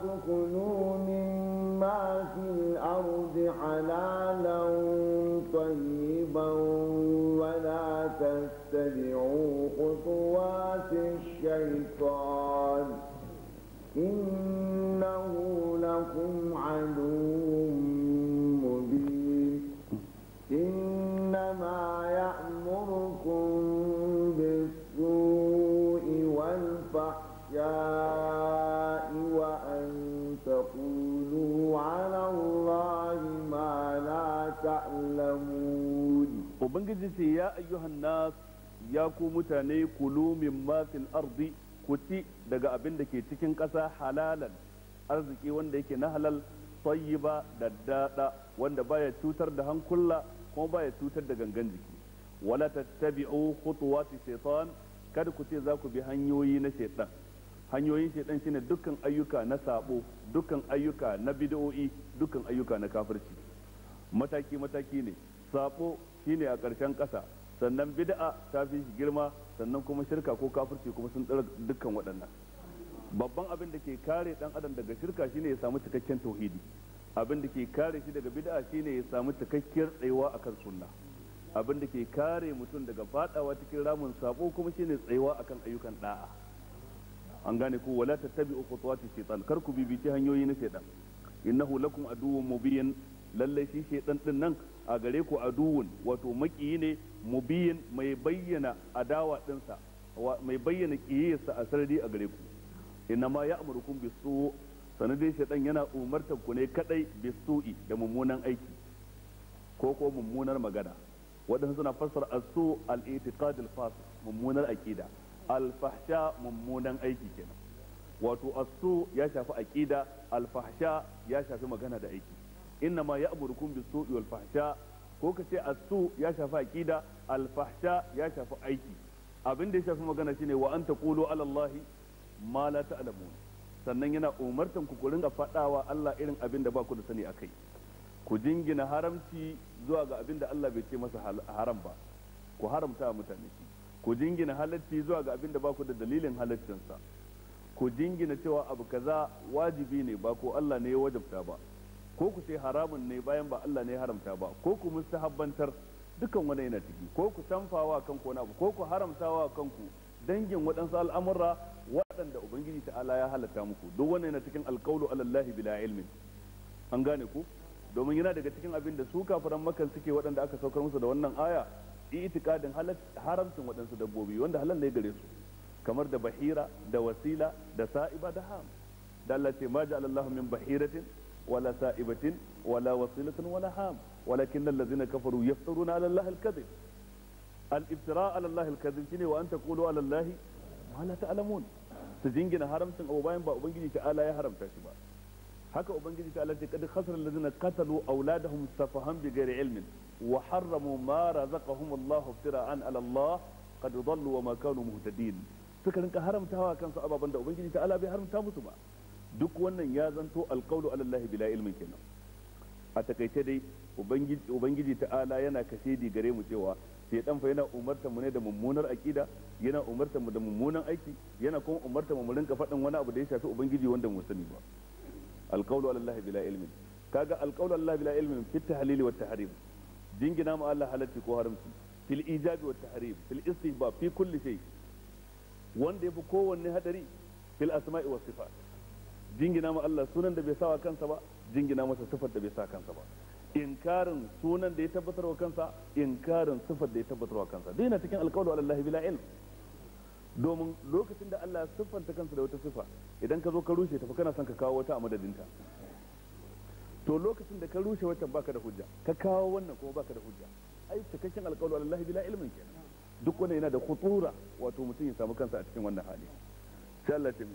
فكلوا ubangiji ce ya ayyuhan nas ya ku mutane kulu masin fil ardi ku ci daga abin da ke cikin ƙasa halalan arziki wanda yake na halal tayyiba da dada wanda baya cutar da hankula kuma baya cutar da gangan jiki wala tattabi'u khutuwati shaytan kada ku ce za ku bi hanyoyi na shaytan hanyoyin shaytan shine dukkan ayyuka na sabo dukkan ayyuka na bid'o'i dukkan ayyuka na kafirci mataki mataki ne sabo shine a ƙarshen ƙasa sannan bid'a ta fi shi girma sannan kuma shirka ko kafirci kuma sun tsara dukkan waɗannan babban abin da ke kare ɗan adam daga shirka shine ya samu cikakken tauhidi abin da ke kare shi daga bid'a shine ya samu cikakkiyar tsayuwa akan sunna abin da ke kare mutum daga fadawa cikin ramin sabo kuma shine tsayuwa akan ayyukan da'a an gane ku wala tattabi'u khutuwati shaytan kar ku bibici hanyoyi na shaytan innahu lakum aduwwun mubin lalle shi shaytan din nan a gare ku aduwun wato makiyi ne mubiyin mai bayyana adawa dinsa mai bayyana kiyayarsa a sarari a gare ku ma ya inma ya'murukum bisu sanadin shaɗan yana umartar ku ne kadai bisu'i da mummunan aiki ko ko mummunar magana waɗansu suna fassara asu al al'itikadil al mummunar aƙida alfahsha mummunan aiki kenan wato asu ya shafi aƙida alfahsha ya shafi magana da aiki inna ma ya'murukum bis-su'i wal fahsha ko kace ce as-su ya shafi aqida al-fahsha ya shafi aiki abin da ya shafi magana shine wa an taqulu ala allahi ma la ta'lamun sannan yana umartan ku ku fadawa Allah irin abin da ba ku da sani akai ku jingina haramci zuwa ga abin da Allah bai ce masa haram ba ku haramta mutane ku jingina halacci zuwa ga abin da ba ku da dalilin halaccinsa ku jingina cewa abu kaza wajibi ne ba ko Allah ne ya wajabta ba ko ku sai haramun ne bayan ba Allah ne haramta ba ko ku mustahabbantar dukan wani yana ciki ko ku tamfawa kanku wani abu ko ku haramtawa kanku dangin waɗansu al'amura waɗanda ubangiji ta'ala ya halatta muku duk wannan yana cikin alƙawlu alallahi bila ilmin an gane ku domin yana daga cikin abin da su kafiran makan suke waɗanda aka saukar musu da wannan aya itikadin haramcin waɗansu dabbobi wanda halal ne gare su kamar da bahira da wasila da sa'iba da ham da Allah ce ma ja'alallahu min bahiratin wala sa'ibatin wala wasilatin wala ham walakin allazina kafaru yaftaruna ala allahi alkadhib al-iftira ala allahi alkadhib shine wa an taqulu ala allahi ma la ta'lamun su jingina haramcin abu bayan ba ubangiji ta'ala ya haramta shi ba haka ubangiji ta'ala ce kad khasara allazina qatalu awladahum safahan bighairi ilmin wa harramu ma razaqahum Allah iftira'an ala Allah qad dallu wa ma kanu muhtadin suka rinka haramtawa da ubangiji ta'ala ya haramta musu duk wannan ya zanto alqawlu ala allahi bila ilmin kenan a takaice dai ubangiji ta'ala yana di gare mu cewa shaitan fa yana umarta mu ne da mummunar aqida yana umarta mu da mummunan aiki yana kuma umarta mu rinka faɗin wani abu da ya shafi ubangiji wanda mu sani ba alqawlu ala allahi bila ilmin kaga alqawlu ala allahi bila ilmin fit tahlil wa tahrim jingina mu Allah halatti ko haramci fil ijabi wa tahrim fil istihbab fi kulli shay wanda yafi kowanne hadari fil asma'i was sifat jingina ma Allah sunan da bai sa wa kansa ba jingina masa sifar da bai sa kansa ba inkarin sunan da ya tabbatar wa kansa inkarin sifar da ya tabbatar wa kansa dai na cikin alƙawlu ala Allah bila ilm domin lokacin da Allah siffanta kansa da wata sifa idan ka zo ka rushe ta fa kana son ka kawo wata a madadinta to lokacin da ka rushe wata baka da hujja ka kawo wannan kuma baka da hujja ai cikakken alƙawlu ala Allah bila ilmin kenan duk wanda yana da khutura wato mutum ya samu kansa a cikin wannan hali sai Allah ya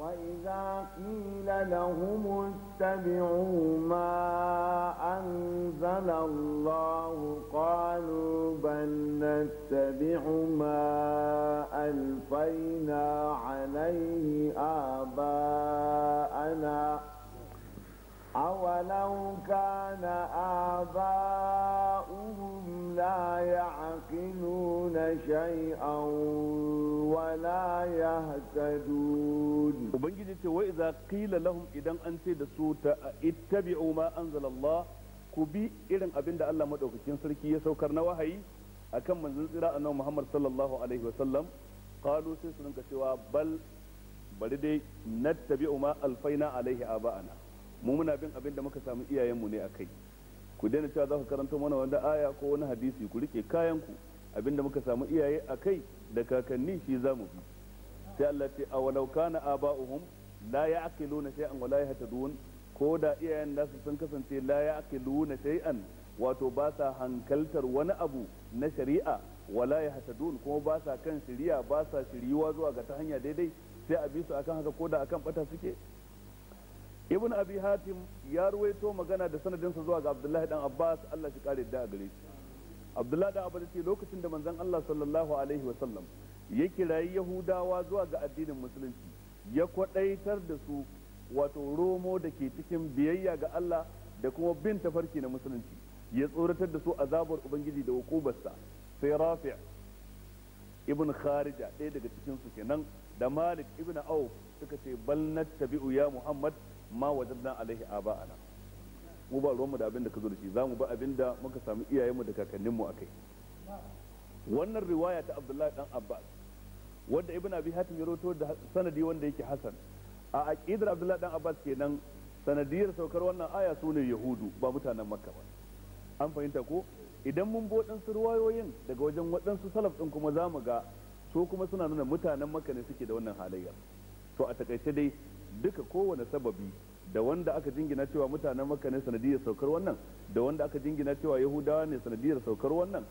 وإذا قيل لهم اتبعوا ما أنزل الله قالوا بل نتبع ما ألفينا عليه آباءنا أولو كان آباؤهم لا يعقلون شيئا ولا يهتدون ubangiji ce wai idza qila lahum idan an ce da su ta ittabi'u ma allah ku bi irin abin da Allah madaukakin sarki ya saukar na wahayi akan manzon tsira annabi Muhammad sallallahu alaihi wa sallam qalu sai su rinka cewa bal bari dai nattabi'u ma alfaina alaihi aba'ana mu muna bin abin da muka samu iyayenmu ne akai ku daina cewa za ku karanta mana wanda aya ko wani hadisi ku rike kayan ku abin da muka samu iyaye akai da kakanni shi za mu bi sai Allah ce a walau kana aba'uhum la ya'qiluna shay'an wa la yahtadun ko da iyayen nasu sun kasance la ya'qiluna shay'an wato ba sa hankaltar wani abu na shari'a wala yahtadun kuma ba sa kan shari'a ba sa shiriwa zuwa ga ta hanya daidai sai a bi su akan haka ko da akan bata suke ibn abi hatim ya ruwaito magana da sanadinsa zuwa ga abdullahi dan abbas Allah shi kare da gare shi abdullahi dan abbas ce lokacin da manzon Allah sallallahu alaihi wa sallam ya kirayi yahudawa zuwa ga addinin musulunci ya kwaɗaitar da su wato romo da ke cikin biyayya ga Allah da kuma bin tafarki na musulunci ya tsoratar da su azabar ubangiji da hukubarsa sai rafi' ibn kharija ɗaya daga cikin su kenan da malik ibn au suka ce bal tabi'u ya muhammad ma wajadna alaihi aba'ana mu ba ruwanmu da abin da ka zo da shi mu ba abin da muka samu iyayenmu da kakanninmu a kai wannan riwaya ta abdullahi dan abbas wanda ibn abi hatim ya roto da sanadi wanda yake hasan a aqidar abdullahi dan abbas kenan sanadiyar saukar wannan aya sune yahudu ba mutanen makka ba an fahimta ko idan mun bi waɗansu ruwayoyin daga wajen waɗansu salaf ɗin kuma za mu ga so kuma suna nuna mutanen makka ne suke da wannan halayya to a takaice dai duka kowane sababi da wanda aka jingina cewa mutanen makka ne sanadiyar saukar wannan da wanda aka jingina cewa yahudawa ne sanadiyar saukar wannan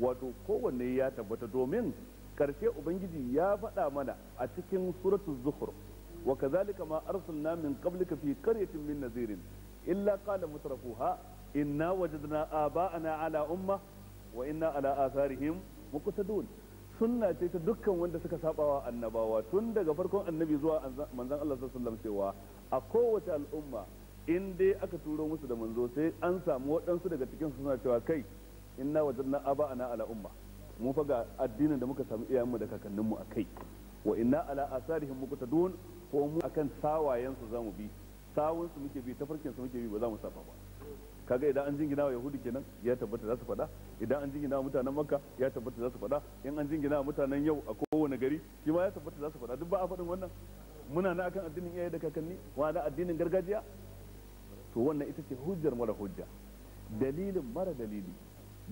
wato kowanne ya tabbata domin karshe ubangiji ya faɗa mana a cikin suratu zuhur wa kazalika ma arsalna min qablika fi qaryatin min nazirin illa qala mutrafuha inna wajadna aba'ana ala umma wa inna ala atharihim muqtadun sunna ce ta dukkan wanda suka sabawa annabawa tun daga farkon annabi zuwa manzon Allah sallallahu alaihi cewa a kowace al'umma in dai aka turo musu da manzo sai an samu waɗansu daga cikin suna cewa kai inna wajadna aba'ana ala umma mu fa ga addinin da muka samu iyayenmu da kakanninmu a kai wa inna ala asarihim muqtadun ko mu akan sawayen su zamu bi sawun su muke bi tafarkin su muke bi ba za mu safa ba kaga idan an jingina wa yahudi kenan ya tabbata za su faɗa idan an jingina wa mutanen makka ya tabbata za su faɗa in an jingina wa mutanen yau a kowane gari shi ma ya tabbata za su faɗa duk ba a faɗin wannan muna na akan addinin iyaye da kakanni wa na addinin gargajiya to wannan ita ce hujjar mara hujja dalilin mara dalili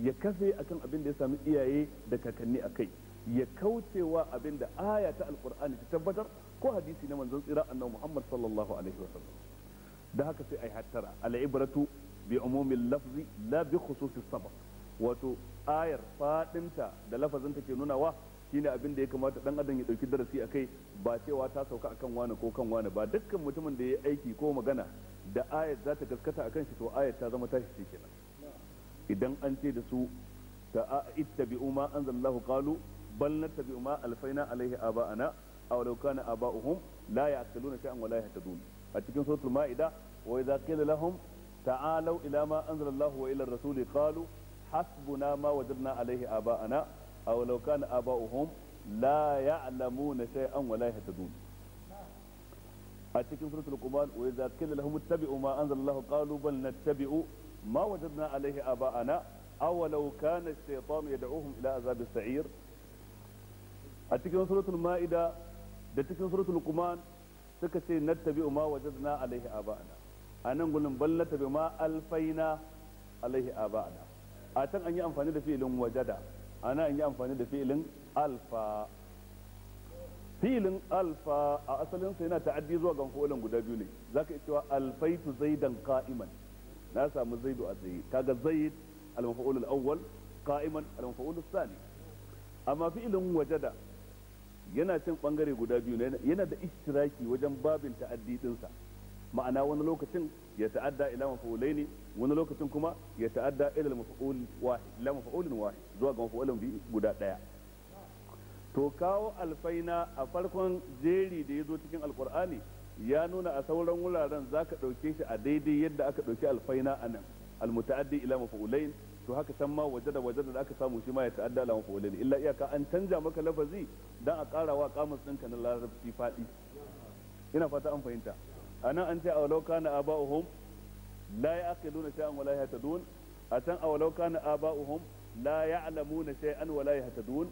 ya kafe akan abin da ya sami iyaye da kakanni a kai ya kaucewa abin da aya ta alkur'ani ta tabbatar ko hadisi na manzon tsira annabi Muhammad sallallahu alaihi wa sallam da haka sai ai hattara al-ibratu bi umumil lafzi la bi sabab wato ayar fadinta da lafazin take nunawa shine abin da ya kamata dan adam ya dauki darasi akai ba cewa ta sauka akan wani ko kan wani ba dukkan mutumin da ya aiki ko magana da ayar za ta gaskata akan shi to ayar ta zama tashi ce kenan idan an ce da su ta ittabi'u ma anzalallahu qalu bal nattabi'u ma alfaina alaihi aba'ana aw law kana aba'uhum la ya'qiluna shay'an wa la yahtadun a cikin suratul ma'ida wa idza qila lahum ta'alu ila ma anzalallahu wa ila ar-rasul qalu hasbuna ma wajadna alaihi aba'ana aw law kana aba'uhum la ya'lamuna shay'an wa la yahtadun a cikin suratul quman wa idza qila lahum ittabi'u ma anzalallahu qalu bal nattabi'u ma wajadna alaihi aba'ana awalau kana ash-shaytanu yad'uhum ila azab as-sa'ir a cikin suratul ma'ida da cikin suratul kuman suka ce nattabi'u ma wajadna alaihi aba'ana anan gurin balla tabi ma alfaina alaihi aba'ana a can an amfani da fi'ilin wajada ana an yi amfani da fi'ilin alfa filin alfa a asalinsa yana ta'addi zuwa ga guda biyu ne zaka iya cewa alfaitu zaidan qa'iman na samu zaidu a tsaye kaga zaid al-maf'ul al-awwal qa'iman al-maf'ul al-thani amma fi'ilin wajada yana cin bangare guda biyu ne yana da ishtiraki wajen babin ta'addi dinsa ma'ana wani lokacin ya ta'adda ila maf'ulaini wani lokacin kuma ya ta'adda ila maf'ul wahid ila maf'ulin wahid zuwa ga maf'ulin guda daya to kawo alfaina a farkon jeri da ya zo cikin alkur'ani ya nuna a sauran wuraren za ka ɗauke shi a daidai yadda aka ɗauki alfaina a nan almuta'addi ila mafa'ulain to haka san ma waje da waje da aka samu shi ma ya ta'adda ila mafa'ulain illa iyaka an canja maka lafazi dan a ƙara wa kamus ɗinka na larabci faɗi ina fata an fahimta a nan an ce a walau kana aba'uhum la ya'qiluna shay'an wa la yahtadun a can a walau kana aba'uhum la ya'lamuna shay'an wa la yahtadun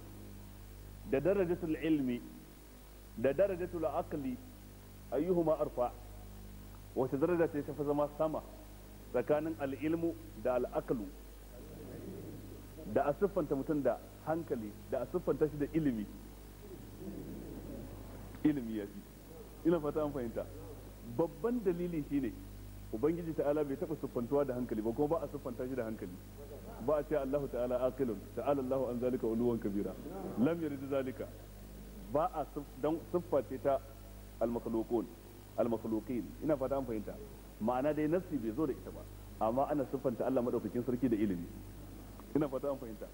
da darajatul ilmi da darajatul aqli ayyuhu ma arfa wace daraja ce ta fi zama sama tsakanin al'ilmu da al'akalu da a siffanta mutum da hankali da a siffanta shi da ilimi ilimi ya fi ina fata an fahimta babban dalili shine ubangiji ta'ala bai taba siffantuwa da hankali ba kuma ba a siffanta shi da hankali ba a ce Allahu ta'ala aqilun ta'ala Allahu an zalika uluwan kabira lam yarid zalika ba a siffa ce ta المخلوقون المخلوقين ina fata an fahimta ma'ana dai nafsi bai zo da ita ba amma ana siffanta Allah madaukakin sarki da ilimi ina fata an fahimta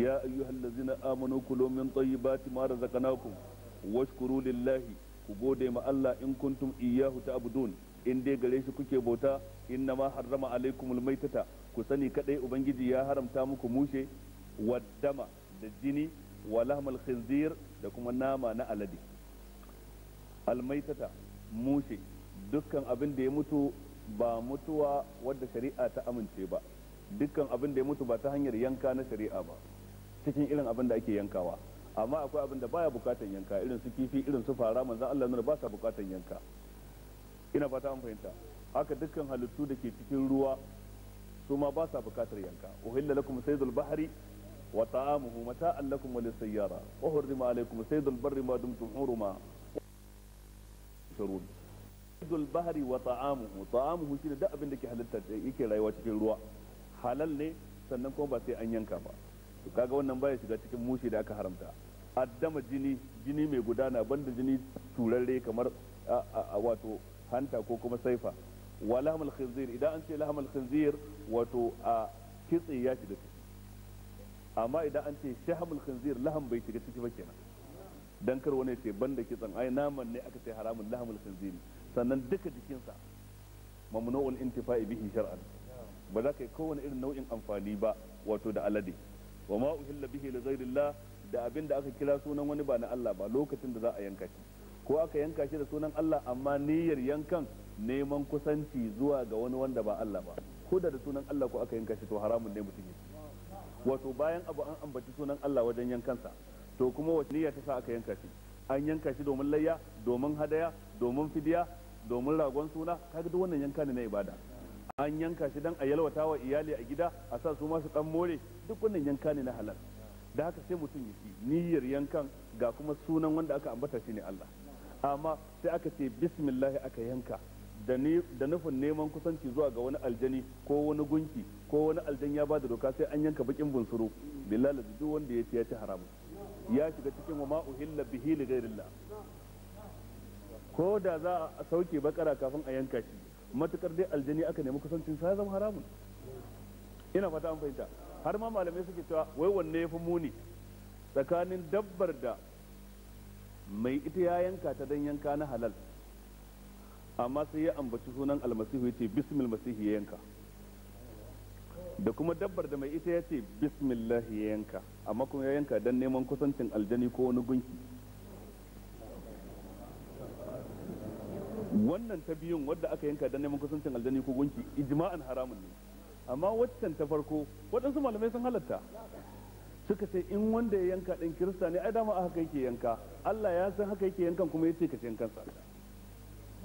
ya ladzina amanu kulu min tayyibati ma razaqnakum washkuru lillahi ku gode ma Allah in kuntum iyyahu ta'budun in dai gare shi kuke bauta inna ma harrama alaikumul maitata ku sani kadai ubangiji ya haramta muku mushe waddama da jini wa khinzir da kuma nama na alade almaitata mushe dukkan abin da ya mutu ba mutuwa wadda shari'a ta amince ba dukkan abin da ya mutu ba ta hanyar yanka na shari'a ba cikin irin abin da ake yankawa amma akwai abin da baya bukatan yanka irin su kifi irin su fara manzan Allah nuna ba sa bukatan yanka ina fata an fahimta haka dukkan halittu da ke cikin ruwa su ma ba sa bukatar yanka uhilla lakum saydul bahri wa ta'amuhu mata'an lakum wa lisayyara wa hurrima alaykum saydul barri ma dumtum huruma yuskarun dul bahri wa ta'amuhu ta'amuhu shine duk abin da ke halitta yake rayuwa cikin ruwa halal ne sannan kuma ba sai an yanka ba to kaga wannan baya shiga cikin mushi da aka haramta addama jini jini mai gudana banda jini turarre kamar wato hanta ko kuma saifa wa lahmal khinzir idan an ce lahmal khinzir wato a kitse ya shiga ciki amma idan an ce shahmul khinzir laham bai shiga ciki ba kenan dan kar wani ce banda kitsan ai naman ne aka ce haramun lahamul khinzir sannan duka jikinsa mamnu'ul intifa'i bihi shar'an ba za ka yi kowane irin nau'in amfani ba wato da alade wa ma uhilla bihi li ghairillah da abin da aka kira sunan wani ba na Allah ba lokacin da za a yanka shi ko aka yanka shi da sunan Allah amma niyyar yankan neman kusanci zuwa ga wani wanda ba Allah ba ko da sunan Allah ko aka yanka shi to haramun ne mutum wato bayan abu an ambaci sunan Allah wajen yankansa to kuma wace niyya ta sa aka yanka shi an yanka shi domin layya domin hadaya domin fidiya domin ragon suna kaga duk wannan yanka ne na ibada an yanka shi dan a yalwata wa iyali a gida a sa su masu dan more duk wannan yanka ne na halal da haka sai mutum ya ci niyyar yankan ga kuma sunan wanda aka ambata shi ne Allah amma sai aka ce bismillah aka yanka da nufin neman kusanci zuwa ga wani aljani ko wani gunki ko wani aljan ya ba da doka sai an yanka bakin bunsuru billahi duk wanda ya ci ya ci haramun ya shiga cikin wa ma'uhilla bihi li ghairillah ko da za a sauke bakara kafin a yanka shi matukar dai aljani aka nemi kusancin sa zama haramun ina fata an fahimta har ma malamai suke cewa wai wanne ya fi muni tsakanin dabbar da mai ita ya yanka ta dan yanka na halal amma sai ya ambaci sunan almasihu ce bismil masihi ya yanka da kuma dabbar da mai ita ya ce bismillah ya yanka amma kuma ya yanka don neman kusancin aljani ko wani gunki wannan ta biyun wadda aka yanka don neman kusancin aljani ko gunki ijma'an haramun ne amma waccan ta farko waɗansu malamai sun halatta suka ce in wanda ya yanka ɗin kirista ne ai dama a haka yake yanka Allah ya san haka yake yankan kuma ya ce ka yankan sa.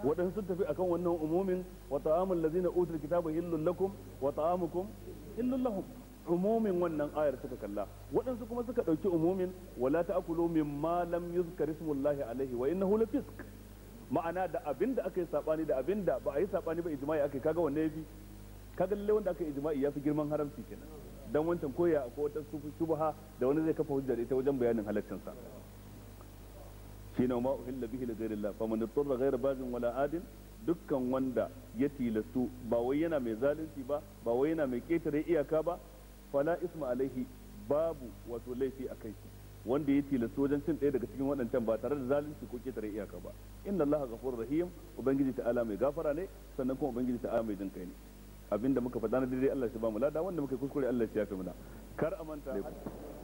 waɗansu sun tafi akan wannan umumin wa ta'amul ladina utul kitaba illul lakum wa ta'amukum illul lahum umumin wannan ayar suka kalla waɗansu kuma suka ɗauki umumin wala ta'kulu mimma lam yuzkar ismullahi alaihi wa innahu lafisq ma'ana da abinda aka yi sabani da abinda ba a yi sabani ba ijma'i aka kaga wanda yafi kaga lalle wanda aka yi ijma'i yafi girman haramci kenan dan wancan koya ko wata shubha da wani zai kafa hujja da ita wajen bayanin halaccin sa shine ma uhilla bihi li ghairillah faman ittara ghaira bazin wala adin dukkan wanda ya tilastu ba wai yana mai zalunci ba ba wai yana mai ketare iyaka ba fala isma alaihi babu wato laifi a kai shi wanda ya tilastu wajen cin ɗaya daga cikin waɗancan ba tare da zalunci ko ketare iyaka ba inna allah ghafurur rahim ubangiji ta'ala mai gafara ne sannan kuma ubangiji ta'ala mai jin kai ne abinda muka faɗa na daidai Allah shi ba mu lada wanda muka kuskure Allah shi ya fi muna kar a manta